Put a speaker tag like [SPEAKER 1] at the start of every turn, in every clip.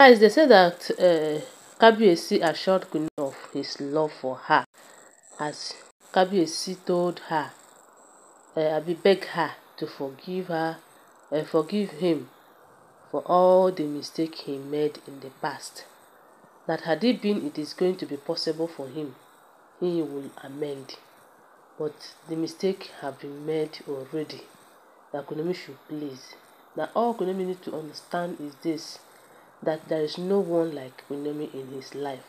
[SPEAKER 1] Besides, they said that uh, Kabiyesi assured Queen of his love for her as Kabiyesi told her, uh, will beg her to forgive her, uh, forgive him for all the mistake he made in the past. That had it been, it is going to be possible for him, he will amend. But the mistake have been made already. That Kunemi should please. Now all Kunemi need to understand is this that there is no one like Queen Naomi in his life,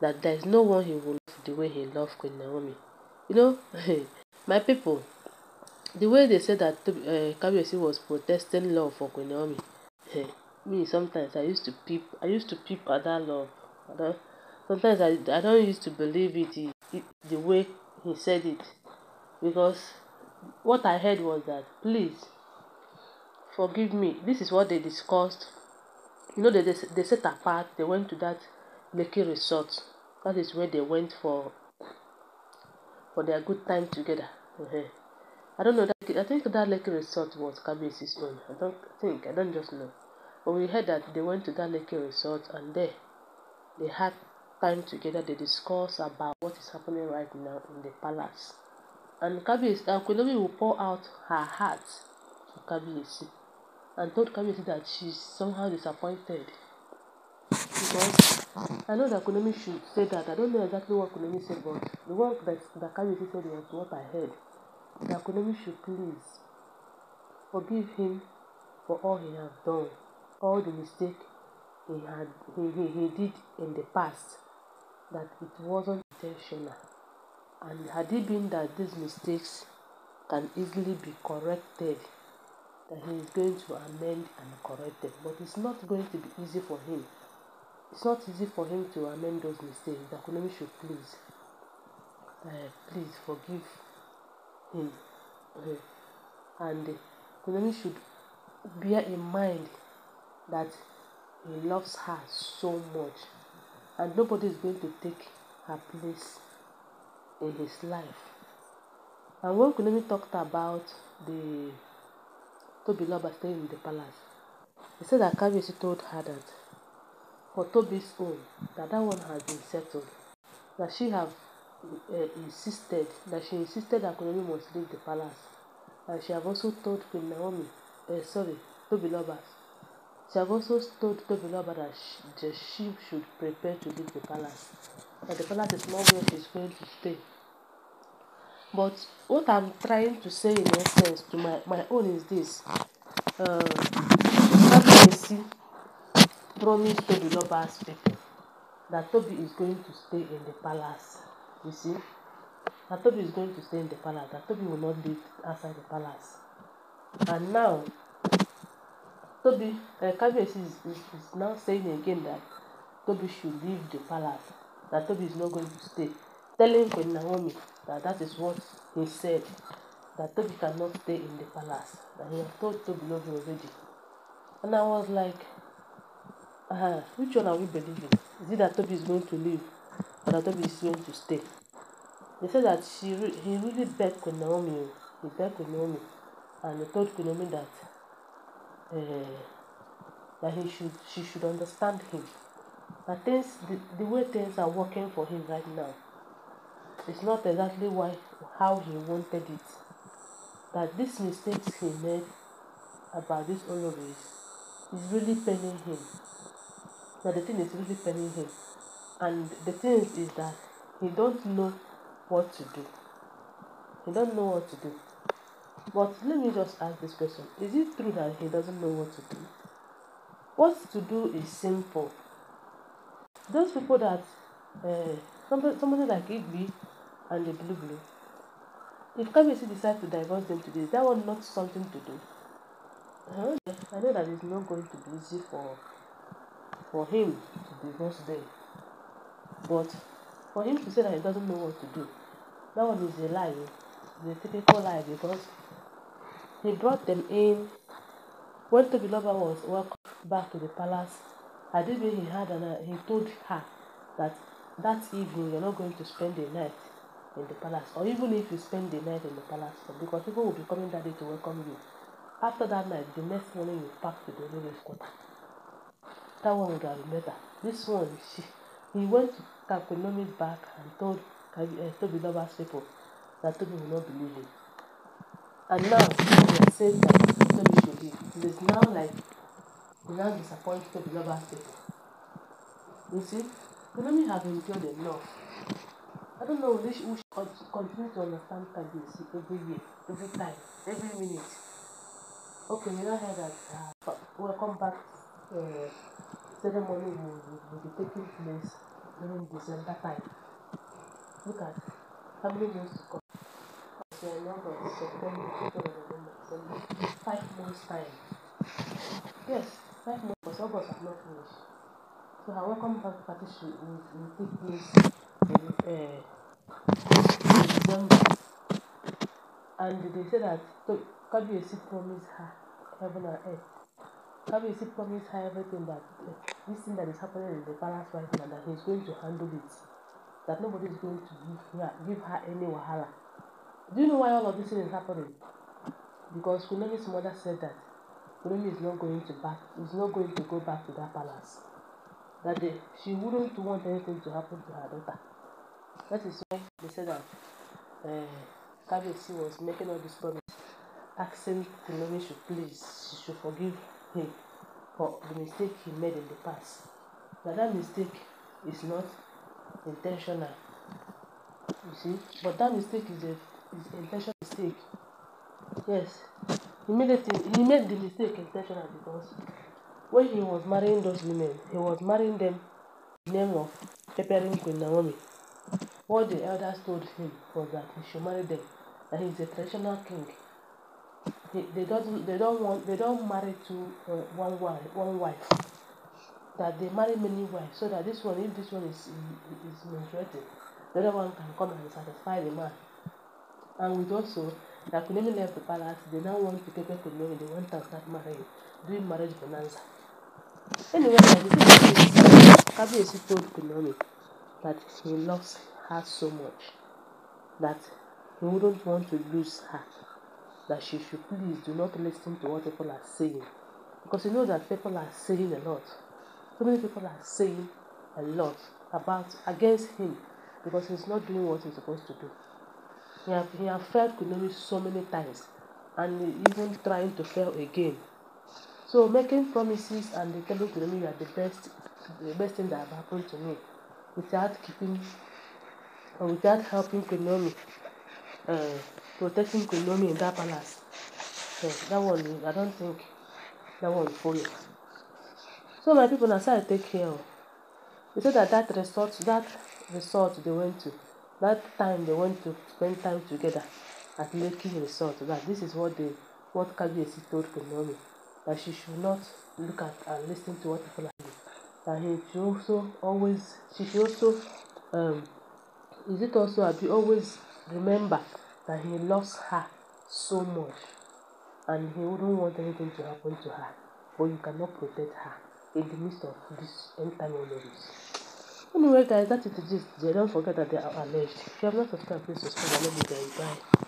[SPEAKER 1] that there is no one he will love the way he loved Queen Naomi. You know, my people, the way they said that uh, eh, Kabiyesi was protesting love for Queen Naomi, me sometimes I used to peep, I used to peep at that love. I don't, sometimes I, I don't used to believe it, it, it the way he said it because what I heard was that please forgive me. This is what they discussed you know, they, they, they set apart, they went to that Lekki resort. That is where they went for for their good time together. Uh-huh. I don't know, that, I think that Lekki resort was Kabesi's own. I don't think, I don't just know. But we heard that they went to that Lekki resort and there they had time together. They discussed about what is happening right now in the palace. And Kabesi, uh, Kunobi will pour out her heart to Kabesi and told Kabiyesi that she's somehow disappointed because I know that Kunemi should say that. I don't know exactly what Kunemi said, but the work that that Kabiyesi said was what I heard. That Kunemi should please forgive him for all he has done, all the mistake he had he, he, he did in the past, that it wasn't intentional. And had it been that these mistakes can easily be corrected that he is going to amend and correct them. But it's not going to be easy for him. It's not easy for him to amend those mistakes. The Konomi should please, uh, please forgive him. Okay. Eh. And uh, Konomi should bear in mind that he loves her so much and nobody is going to take her place in his life. And when Kunemi talked about the Tobiloba staying in the palace. He said that Kabiyesi told her that for Toby's own, that that one has been settled, that she have uh, insisted, that she insisted that Kunemi must leave the palace, and she have also told Queen Naomi, uh, sorry, Tobiloba, she have also told Tobiloba that she, that she should prepare to leave the palace, that the palace is not where she is going to stay. But what I'm trying to say in essence to my, my own is this. Uh, um, Kabiyesi promised Tobi Loba's people that Tobi is going to stay in the palace. You see? That Tobi is going to stay in the palace. That Tobi will not live outside the palace. And now, Tobi, uh, Kabiyesi is, is, is now saying again that Tobi should leave the palace. That Tobi is not going to stay. telling Queen Naomi that that is what he said, that Toby cannot stay in the palace, that he had told Toby Lobi already. And I was like, uh, which one are we believing? Is it that Toby is going to leave or that Toby is going to stay? They said that she re he really begged Queen Naomi, oh. he begged Queen Naomi, and he told Queen Naomi that uh, that he should she should understand him. That things the, the way things are working for him right now, it's not exactly why, how he wanted it. That these mistakes he made about this always is really paining him. That the thing is really paining him. And the thing is, is that he don't know what to do. He don't know what to do. But let me just ask this question. Is it true that he doesn't know what to do? What to do is simple. Those people that uh, somebody, somebody like Igby and the blue blue. If Kabiyesi decides to divorce them today, is that one not something to do? Uh-huh. I know that it's not going to be easy for for him to divorce them. But for him to say that he doesn't know what to do, that one is a lie. Eh? It's a typical lie because he brought them in when lover was welcomed back to the palace. I did he had and he told her that that evening you're not going to spend the night in the palace or even if you spend the night in the palace because people will be coming that day to welcome you after that night the next morning you pack to the Olore's quarter that one would have better this one she he went to Kakunomi back and told uh, eh, Tobiloba's people that Tobi will not believe him and now he was saying that Tobi should leave it is now like he now disappoint Tobiloba's people you see Kunomi have endured enough don't know which should, should continue to understand KBC every year, every time, every minute. Okay, we don't hear that. Uh, welcome back uh, ceremony will, will be taking place during December time. Look at family news to come. So, November, September, October, November, December, five months time. Yes, five months, because August have not finished. So, our welcome back party will, will take place in uh, exam and they say that Kabiyesi promised her heaven and earth. Kabiyesi promised her everything that uh, this thing that is happening in the palace right now that he's going to handle it. That nobody is going to give her, give her any wahala. Do you know why all of this thing is happening? Because Kunemi's mother said that Kunemi is not going to back is not going to go back to that palace. That they, she wouldn't want anything to happen to her daughter. That is why they said that uh, was making all this promise, asking Kunomi should please, she should forgive him for the mistake he made in the past. But that mistake is not intentional, you see, but that mistake is a is intentional mistake. Yes, he made it. He made the mistake intentional because when he was marrying those women, he was marrying them in the name of preparing Queen Naomi. What the elders told him was that he should marry them, that he's a traditional king. They, they don't they don't want they don't marry to uh, one wife one wife. That they marry many wives so that this one if this one is is menstruating, the other one can come and satisfy the man. And with also that Kunemi left the palace, they now want to take know they want to start marrying, doing marriage bonanza. Anyway, like, Kabi Esi told me that he loves her so much that he wouldn't want to lose her, that she should please do not listen to what people are saying. Because you know that people are saying a lot. So many people are saying a lot about against him because he's not doing what he's supposed to do. He have, he have failed Kunomi so many times and even trying to fail again. So making promises and telling Kunomi you are the best the best thing that have happened to me without keeping but without helping Konami, uh, protecting Konami in that palace, uh, that one, I don't think that one will follow. So my people, now so I take care of. They said that that resort, that resort they went to, that time they went to spend time together at Lekki Resort, that this is what they, what Kabiyesi told Konami, that she should not look at and listen to what people are saying, that he should also always, she should also um, is it also Abi always remember that he loves her so much and he wouldn't want anything to happen to her, but you cannot protect her in the midst of this end time memories. Anyway, guys, that's it. Just don't forget that they are alleged. If you have not subscribed, please subscribe and let me know. Bye.